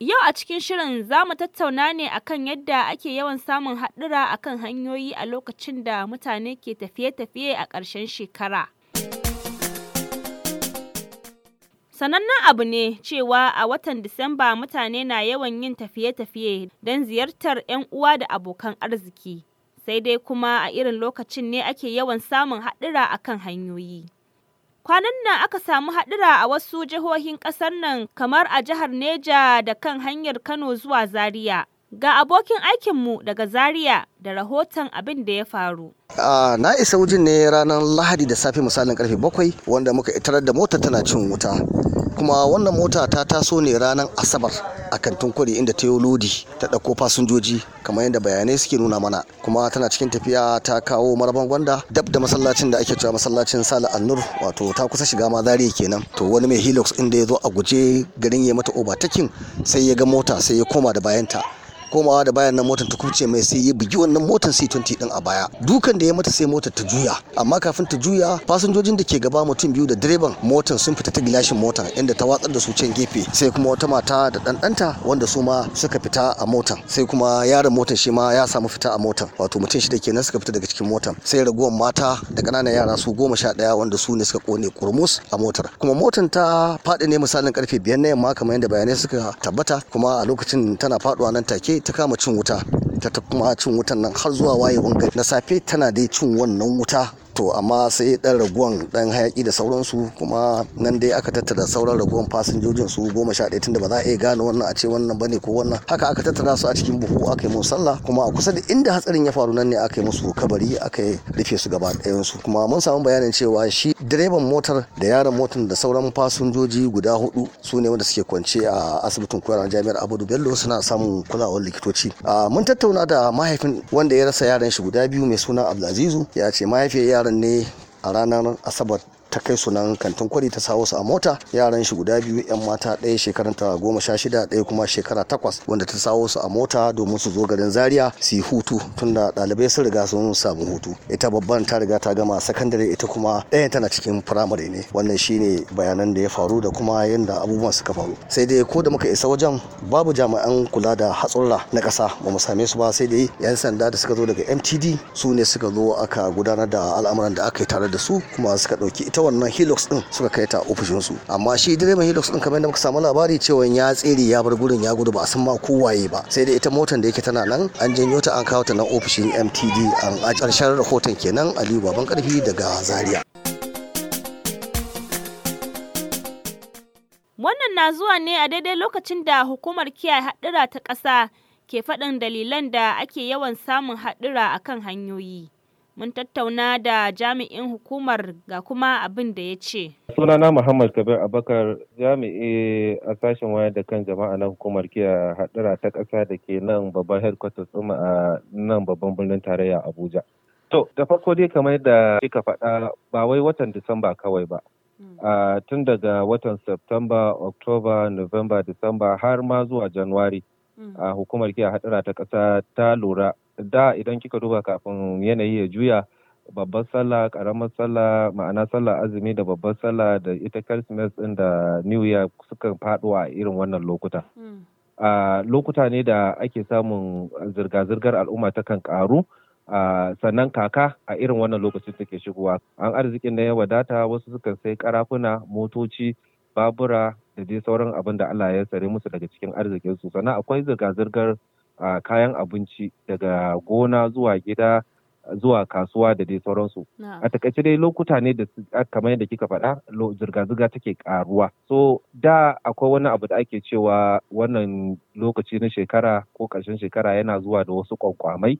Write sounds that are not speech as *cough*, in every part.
Yau a cikin shirin za mu tattauna ne akan yadda ake yawan samun haɗura akan hanyoyi a lokacin da mutane ke tafiye-tafiye a ƙarshen shekara. Sanannen abu ne cewa a watan Disamba mutane na yawan yin tafiye-tafiye don ziyartar 'yan uwa da abokan arziki, sai dai kuma a irin lokacin ne ake yawan samun haɗura akan hanyoyi. Kwanan nan aka samu haɗura a wasu jihohin ƙasar nan kamar a jihar Neja da kan hanyar Kano zuwa Zaria. Ga abokin aikinmu daga Zaria da rahoton abin da ya faru. Uh, na isa wujin ne ranar Lahadi da safe misalin karfe bakwai wanda muka itarar da motar tana cin wuta. kuma wannan mota ta taso ne ranar asabar a kantin kwari inda ta yi lodi ta ɗauko fasinjoji kamar yadda bayanai suke nuna mana kuma tana cikin tafiya ta kawo maraban gwanda dab da masallacin da ake cewa masallacin sala annur wato ta kusa shiga ma zariya kenan to wani mai hilux inda ya zo a guje garin ya mata obatakin sai ya ga mota sai ya koma da bayanta komawa da bayan nan motar ta kubce mai sai ya bugi wannan motar C20 din a baya dukan da ya mata sai motar ta juya amma kafin ta juya fasinjojin da ke gaba mutum biyu da direban motar sun fita ta gilashin motar inda ta watsar da su can gefe sai kuma wata mata da ɗanɗanta wanda su ma suka fita a motar sai kuma yaron motar shi ma ya samu fita a motar wato mutum shi shida kenan suka fita daga cikin motar sai raguwar mata da ƙananan yara su goma sha ɗaya wanda su ne suka kone kurmus a motar kuma motar ta faɗi ne misalin karfe biyar na yamma kamar yadda bayanai suka tabbata kuma a lokacin tana faɗuwa nan take ta kama cin wuta ta kuma cin wutan nan har zuwa wayewar gari na safe tana dai cin wannan wuta to amma sai dan raguwan dan hayaki da sauransu kuma nan dai aka tattara sauran raguwan fasinjojin su goma sha ɗaya tunda ba za a iya gane wannan a ce wannan bane ko wannan haka aka tattara su a cikin buhu aka yi musu sallah kuma a kusa da inda hatsarin ya faru nan ne aka yi musu kabari aka rufe su gaba ɗayan su kuma mun samu bayanin cewa shi direban motar da yaron motar da sauran fasinjoji guda hudu su ne wanda suke kwance a asibitin koyarwa jami'ar abudu bello suna samun kulawar likitoci mun tattauna da mahaifin wanda ya rasa yaran shi guda biyu mai suna abdulazizu ya ce mahaifiyar labarin ne a ranar Asabar ta kai sunan nan kantin kwari ta sawo su a mota yaran shi guda biyu yan mata ɗaya shekaranta goma sha shida daya kuma shekara takwas wanda ta sawo su a mota domin su zo garin zaria su yi hutu tunda ɗalibai sun riga sun samu hutu ita babban ta riga ta gama sakandare ita kuma ɗaya tana cikin firamare ne wannan shine bayanan da ya faru da kuma yadda abubuwan suka faru sai dai ko da muka isa wajen babu jami'an kula da hatsurra na ƙasa ba mu same su ba sai dai yan sanda da suka zo daga mtd su ne suka zo aka gudanar da al'amuran da aka yi tare da su kuma suka ɗauki ita wannan hilux din suka kai ta ofishinsu amma shi direban hilux din kamar yadda muka samu labari cewa ya tsere ya bar gurin ya gudu ba a san ma ko waye ba sai dai ita motar da yake tana nan an janyo ta an kawo ta nan ofishin mtd an a karshen rahoton kenan aliyu baban karfi daga zaria wannan na zuwa ne a daidai lokacin da hukumar kiyaye haɗura ta ƙasa ke faɗin dalilan da ake yawan samun haɗura a kan hanyoyi. Mun tattauna da jami'in hukumar ga kuma abin da ya ce. Sunana Muhammad Kabir Abakar jami'i a sashen wayar da kan jama'a na hukumar kiya haɗura ta ƙasa da ke nan babban headquarters ɗin a nan babban birnin tarayya Abuja. To, da farko dai kamar da kika faɗa ba wai watan Disamba kawai ba. Hmm. a tun daga watan September, October, November, December har ma zuwa January. Mm. a hukumar kiyaye hadura ta kasa ta lura da idan kika duba kafin yanayi ya juya babbar sallah karamar sallah ma'ana sallah azumi da babbar sallah da ita christmas din da new year suka faɗo a irin wannan lokuta mm. a lokuta ne da ake samun zirga-zirgar al'umma ta kan karu a sannan kaka a irin wannan lokacin take shigowa an arzikin na ya wadata wasu sukan sai karafuna motoci babura da dai sauran abin da Allah ya sare musu daga cikin arzikinsu sannan akwai zirga-zirgar kayan abinci daga gona zuwa gida zuwa kasuwa da dai sauransu a takaice dai lokuta ne da kamar yadda kika faɗa zirga-zirga take karuwa so da akwai wani abu da ake cewa wannan lokaci na shekara ko ƙarshen shekara yana zuwa da wasu kwankwamai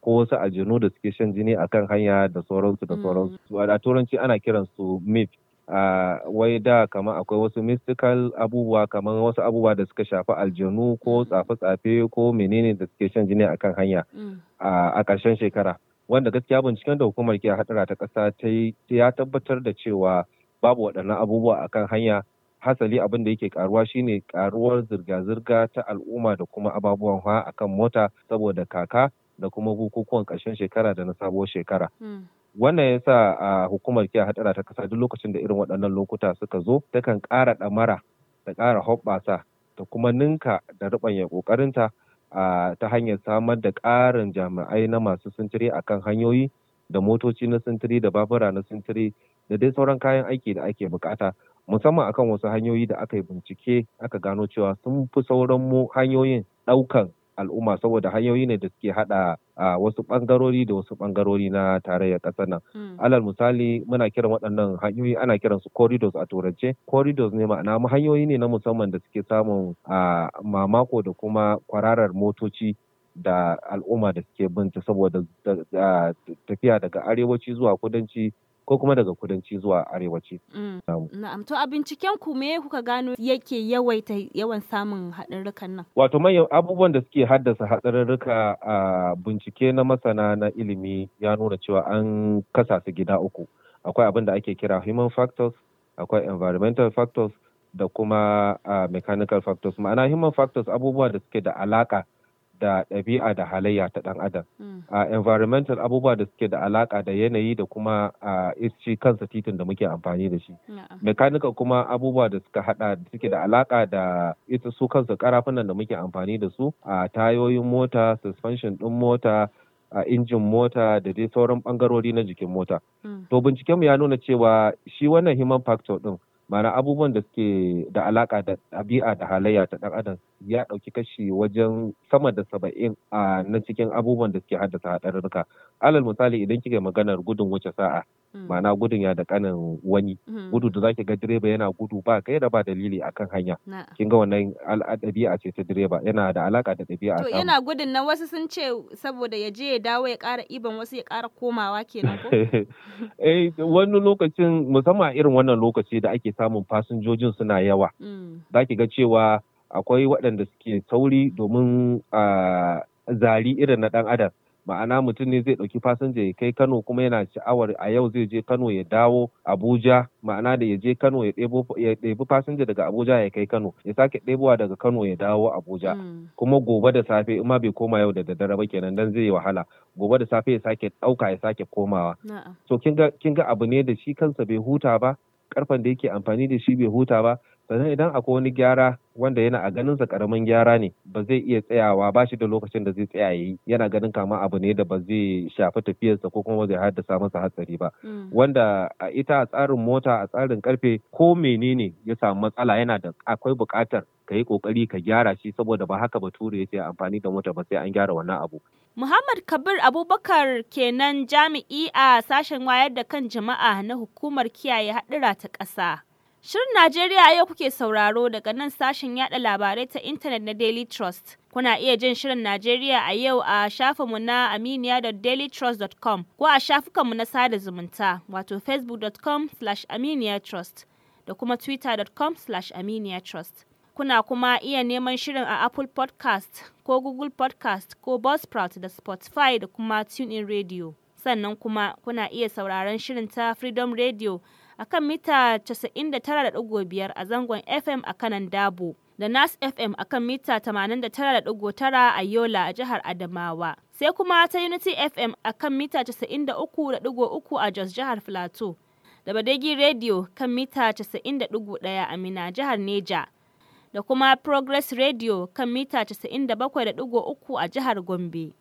ko wasu aljanu da suke shan jini akan hanya da sauransu da mm. sauransu a turanci ana kiransu myth wai da kamar akwai wasu mystical abubuwa kamar wasu abubuwa da suka shafi aljanu ko mm. tsafe-tsafe ko menene da suke shan jini akan hanya mm. a ƙarshen shekara wanda gaskiya binciken da hukumar ke hadara ta ƙasa ta ya tabbatar da cewa babu waɗannan abubuwa akan hanya hasali abin da yake karuwa shine karuwar zirga-zirga ta al'umma da kuma ababuwan hawa akan mota saboda kaka da kuma bukukuwan ƙarshen shekara da na sabuwar shekara mm. wannan ya sa a hukumar kiyaye hadara ta kasa duk lokacin da irin waɗannan lokuta suka zo takan ƙara ɗamara ta ƙara hoɓɓasa ta kuma ninka da ruɓanya ƙoƙarinta ta hanyar samar da ƙarin jami'ai na masu sintiri a kan hanyoyi da motoci na sintiri da babura na sintiri da dai sauran kayan aiki da ake bukata musamman akan wasu hanyoyi da aka yi bincike aka gano cewa sun fi sauran mu hanyoyin ɗaukan al'umma saboda hanyoyi ne da suke hada a wasu bangarori da wasu bangarori na tarayyar ƙasar nan hmm. alal misali muna kiran waɗannan hanyoyi ana kiransu su corridors a turance corridors ne ma'ana hanyoyi ne na musamman da suke samun a mamako da kuma kwararar motoci da al'umma da suke binta saboda tafiya daga arewaci zuwa kudanci ko kuma daga kudanci zuwa arewaci. Mm. Na'am to a binciken ku me kuka gano yake yawaita yawan samun haɗarurrukan nan? Wato manyan abubuwan da suke haddasa haɗarurruka a bincike na masana na ilimi ya nuna cewa an kasa su gida uku. Akwai abin da ake kira human factors, akwai environmental factors da kuma uh, mechanical factors. Ma'ana human factors abubuwa da suke da alaka da ɗabi'a da halayya ta ɗan adam hmm. a environmental abubuwa da suke da alaƙa da yanayi da kuma a isci kansa titin da muke amfani da shi mechanical kuma abubuwa da suka hada suke da alaƙa da ita su kansa karafunan da muke amfani da su a tayoyin mota suspension ɗin mota a injin mota da dai sauran ɓangarori na jikin mota hmm. to binciken mu ya nuna cewa shi wannan human factor ɗin ma'ana abubuwan da suke da alaka da ɗabi'a da halayya ta ɗan adam ya ɗauki kashi wajen sama da saba'in a na cikin abubuwan da suke haddasa haɗarurruka alal misali idan kike maganar gudun wuce sa'a Hmm. ma'ana gudun ya da kanin wani hmm. gudu da zaki ga direba yana gudu ba kai da ba dalili akan hanya kin ga wannan a ce ta direba yana da alaka da ɗabi'a to yana gudun nan wasu sun ce saboda ya je ya dawo ya ƙara iban wasu ya ƙara komawa kenan ko *laughs* eh wani lokacin musamman irin wannan lokaci da ake samun fasinjojin suna yawa hmm. zaki ga cewa akwai waɗanda suke sauri domin ah, zari irin na ɗan adam ma'ana mutum ne zai ɗauki fasinja ya kai kano kuma yana sha'awar a yau zai je kano ya dawo abuja ma'ana da ya je kano ya ɗebi fasinja daga abuja ya kai kano ya sake ɗebowa daga kano ya dawo abuja mm. kuma gobe da safe in ma bai koma yau da daddare ba kenan dan zai yi wahala gobe da safe ya sake ɗauka ya sake komawa so kin ga abu ne da shi kansa bai huta ba karfan da yake amfani da shi bai huta ba sannan idan akwai wani gyara wanda yana a ganinsa karamin gyara ne ba zai iya tsayawa ba shi da lokacin da zai tsaya yi yana ganin kama abu ne da ba zai shafi tafiyarsa ko kuma zai haddasa masa hatsari ba hmm. wanda a ita a tsarin mota a tsarin karfe ko menene ya samu matsala yana da akwai bukatar ka yi kokari ka gyara shi saboda ba haka bature ya ce amfani da mota ba sai an gyara wannan abu Muhammad Kabir Abubakar kenan jami'i a sashen wayar da kan jama'a na hukumar kiyaye haɗura ta ƙasa. Shirin Najeriya yau kuke sauraro daga nan sashen yada labarai ta intanet na Daily Trust. Kuna iya jin Shirin Najeriya a yau a shafinmu na aminiya.dailytrust.com ko a shafukanmu na sada zumunta wato facebook.com slash aminiyatrust da kuma twitter.com slash aminiyatrust. Kuna kuma iya neman shirin a Apple podcast ko Google podcast ko Buzzsprout da Spotify da kuma TuneIn Radio. Sannan kuma kuna iya sauraron shirin ta Freedom Radio akan mita 99.5 a zangon FM a kanan Dabo. da Nas FM a kan mita 89.9 a Yola a jihar Adamawa. Sai kuma ta Unity FM a kan mita 93.3 a Jos jihar Filato. Da Badegi Radio kan mita 90.1 a Mina jihar Neja. Da kuma Progress Radio kan mita 97.3 a jihar Gombe.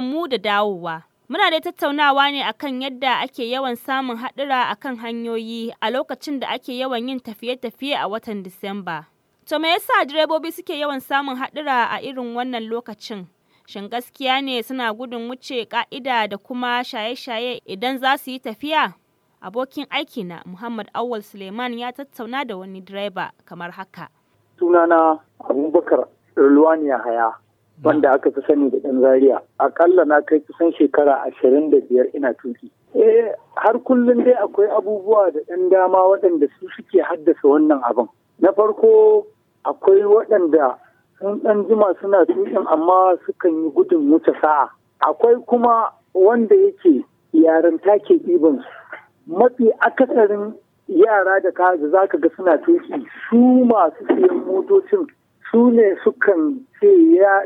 mu da dawowa. Muna da tattaunawa ne akan yadda ake yawan samun haɗura akan hanyoyi a lokacin da ake yawan yin tafiye-tafiye a watan Disamba. To me yasa direbobi suke yawan samun haɗura a irin wannan lokacin? Shin gaskiya ne suna gudun wuce ka'ida da kuma shaye-shaye idan za su yi tafiya? Abokin aikina Muhammad Awal Suleiman ya tattauna da wani direba kamar haka. Sunana Abubakar Rulwani haya. wanda aka fi sani da ɗan zaria akalla na kai kusan shekara ashirin da biyar ina tuki eh har kullum dai akwai abubuwa da ɗan dama waɗanda su suke haddasa wannan abin na farko akwai waɗanda sun ɗan jima suna tukin amma sukan yi gudun wuce sa'a akwai kuma wanda yake yarinta ke ɗiban mafi akasarin yara da ka za ka ga suna tuki su masu siyan motocin su ne sukan ce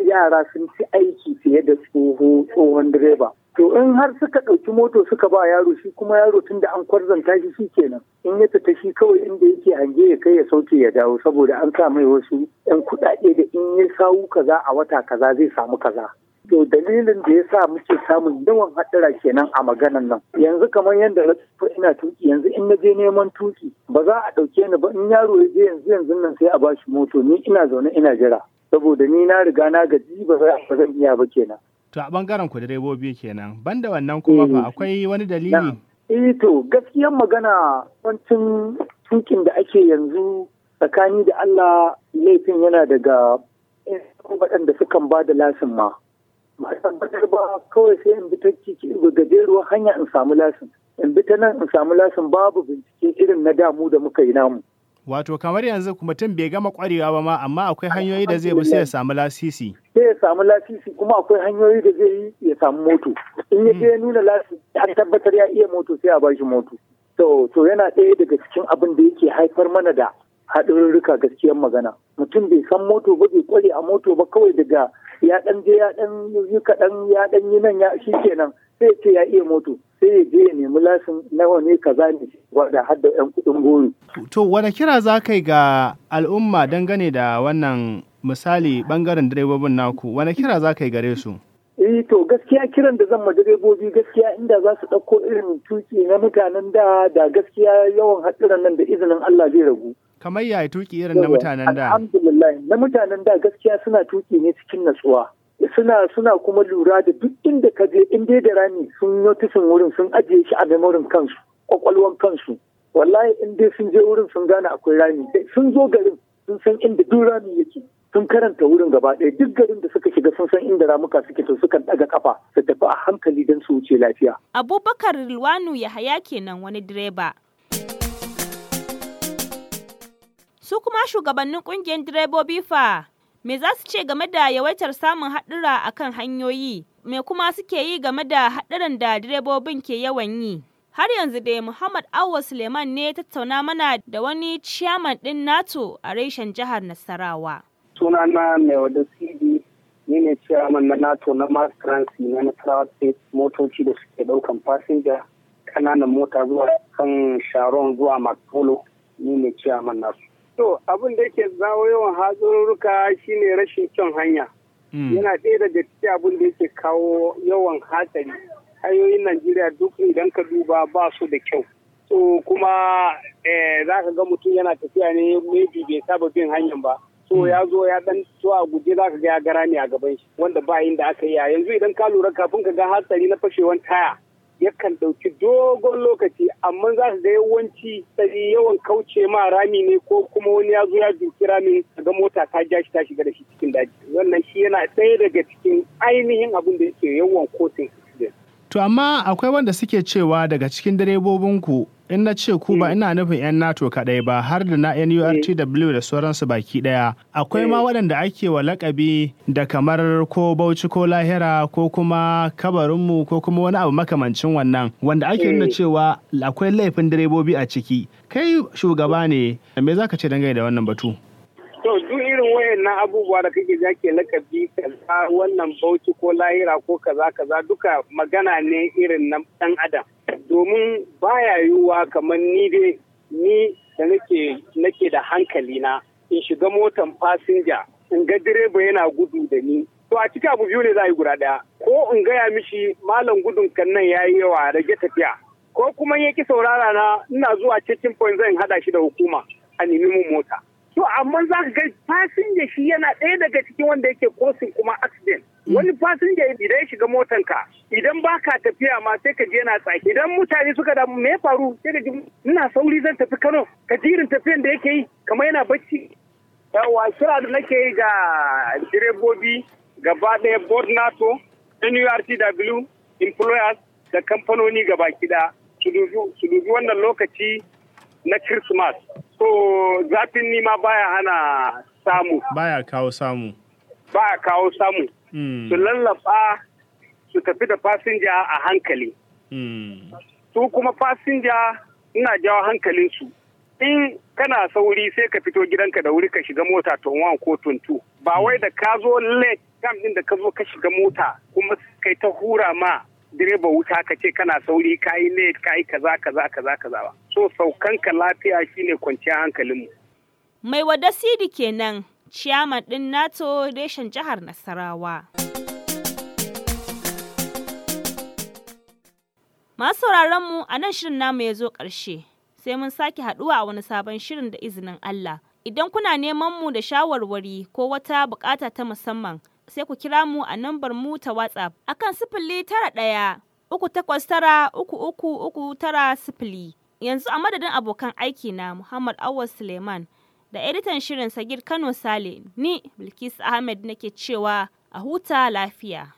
yara sun ci aiki fiye da tsohon direba. To in har suka ɗauki moto suka ba yaro shi kuma yaro tun da an kwarzanta shi shi kenan in ya fita shi kawai inda yake hange ya kai ya sauke ya dawo saboda an sa mai wasu 'yan kuɗaɗe da in ya sawu kaza a wata kaza zai samu kaza. To dalilin da ya sa muke samun yawan haɗura kenan a maganan nan. Yanzu kamar yadda na ina tuki yanzu in na je neman tuki ba za a ɗauke ni ba in yaro ya je yanzu yanzu nan sai a bashi moto ni ina zaune ina jira. Saboda ni na riga na gaji ba zan iya ba kenan. To a bangaren ku direbobi kenan banda wannan kuma fa eh. akwai wani dalili. Eh to gaskiyan magana wancin tukin da ake yanzu tsakani da Allah laifin yana daga eh, waɗanda sukan ba da lasin ma. ba ba kawai sai in bi ta hanya in samu lasin in bi ta nan in samu lasin babu bincike irin na damu da muka yi namu wato kamar yanzu mutum bai gama kwarewa ba ma amma akwai hanyoyi da zai bi sai ya samu lasisi sai ya samu lasisi kuma akwai hanyoyi da zai yi ya samu moto in ya je ya hmm. nuna lasisi an tabbatar ya iya moto sai a ba shi moto to to yana ɗaya daga cikin abin da yake haifar mana da haɗarurruka gaskiyar magana mutum bai san moto ba bai kware a moto ba kawai daga ya dan je ya dan yi kaɗan ya dan yi nan ya shi kenan sai ce ya iya moto sai ya je ya nemi lasin nawa ne kaza ne wanda har da yan kuɗin goro. To wani kira za kai ga al'umma dangane da wannan misali bangaren direbobin naku wani kira za kai gare su? E, to gaskiya kiran da zan ma direbobi gaskiya inda za su ɗauko irin tuki na mutanen da da gaskiya yawan haɗuran nan da izinin Allah zai ragu. kamar ya tuki irin na mutanen da alhamdulillah na mutanen da gaskiya suna tuki ne cikin natsuwa suna suna kuma lura da duk inda ka je in dai da rani sun notisin wurin sun ajiye shi a memorin kansu kwakwalwan kansu wallahi in dai sun je wurin sun gane akwai rami sun zo garin sun san inda duk rami yake sun karanta wurin gaba ɗaya duk garin da suka shiga sun san inda ramuka suke to sukan ɗaga kafa su tafi a hankali don su wuce lafiya. Abubakar Rilwanu Yahaya kenan wani direba. Su kuma shugabannin kungiyar direbobi fa me za su ce game da yawaitar samun haɗura a kan hanyoyi, me kuma suke yi game da haɗuran da direbobin ke yawan yi. Har yanzu dai Muhammad Awa Suleiman ne tattauna mana da wani ciyaman ɗin NATO a reshen jihar Nasarawa. Sunana mai wada CD ni ne ciyaman na NATO na Mass Transi na Nasarawa State motoci da suke ɗaukan fasinja kananan mota zuwa kan Sharon zuwa makolo ni ne ciyaman nasu. To abin da yake zawo yawan hatsarurruka shine rashin kyan hanya. Hmm. Yana ɗaya daga cikin abin da yake kawo yawan hatsari. Hanyoyin Najeriya duk idan ka duba ba su da kyau. So kuma eh, za ka ga mutum yana tafiya ne maybe bai saba bin hanyar ba. So hmm. ya zo ya dan so a guje za ka ga ya gara ne a gaban shi wanda ba yin da aka yi yanzu idan ka lura kafin ka ga hatsari na fashewan taya. yakan ɗauki dogon lokaci amma za su da yawanci tsari yawan kauce ma rami ne ko kuma wani ya zo ya duki rami daga mota ta ja shi ta shiga da shi cikin daji wannan shi yana ɗaya daga cikin ainihin abin da yake yawan kotun. To amma akwai wanda suke cewa daga cikin direbobinku in na ce ku ba mm. ina nufin 'yan NATO kaɗai ba har da na NURTW da sauransu baki ɗaya. Akwai ma mm. waɗanda ake wa lakabi da kamar ko Bauchi ko Lahira ko kuma kabarinmu ko kuma wani abu makamancin wannan wanda ake nuna mm. cewa akwai laifin direbobi a ciki. Kai shugaba ne, me za ka ce dangane da wannan batu? To duk irin wayannan abubuwa da kake ja ke lakabi kaza wannan bauchi ko lahira ko kaza kaza duka magana ne irin na dan adam. Domin baya yiwuwa kamar ni dai ni da nake da hankali na in shiga motan fasinja in ga direba yana gudu da ni. To a cikin abu biyu ne za a yi guda ɗaya. Ko in gaya mishi malam gudun kan nan ya yi yawa rage tafiya. Ko kuma yaki saurara na ina zuwa cikin point zan hada shi da hukuma a nemi mota. to amma za ka ga fasinja shi yana ɗaya daga cikin wanda yake kosin kuma accident wani fasinja idan ya shiga ka idan ba ka tafiya ma sai ka je yana tsaki idan mutane suka da me ya faru sai ka ji ina sauri zan tafi Kano ka ji tafiyan da yake yi kamar yana bacci yawa kira da nake yi ga direbobi gaba ɗaya board nato nurtw employers da kamfanoni gaba kida su dubi wannan lokaci na christmas So zafin nima baya hana samu. Baya kawo samu. Baya kawo samu. Hmm. Su lallaba su tafi da fasinja a hankali. Hmm. Su kuma fasinja ina jawo hankalinsu. In kana sauri sai ka fito gidanka da wuri ka shiga mota ton one ko ton two. Ba hmm. wai da ka zo late kam din da ka zo ka shiga mota kuma kai ta hura ma direba wuta ka ce kana sauri kayi late kayi kaza kaza kaza kaza ba. so saukanka lafiya shine kwanciyar hankalinmu. Mai wada sidi kenan, ciyaman ɗin NATO reshen jihar Nasarawa. Masu mu a nan shirin namu ya zo ƙarshe, sai mun sake haɗuwa a wani sabon shirin da izinin Allah. Idan kuna neman mu da shawarwari ko wata bukata ta musamman, sai ku kira mu a nambar mu ta WhatsApp akan sifili tara ɗaya uku takwas tara uku uku uku tara sifili. Yanzu a madadin abokan aiki na Muhammad Awal Suleiman da editan shirin Sagir Kano Sale, ni bilkis Ahmed nake cewa a huta lafiya.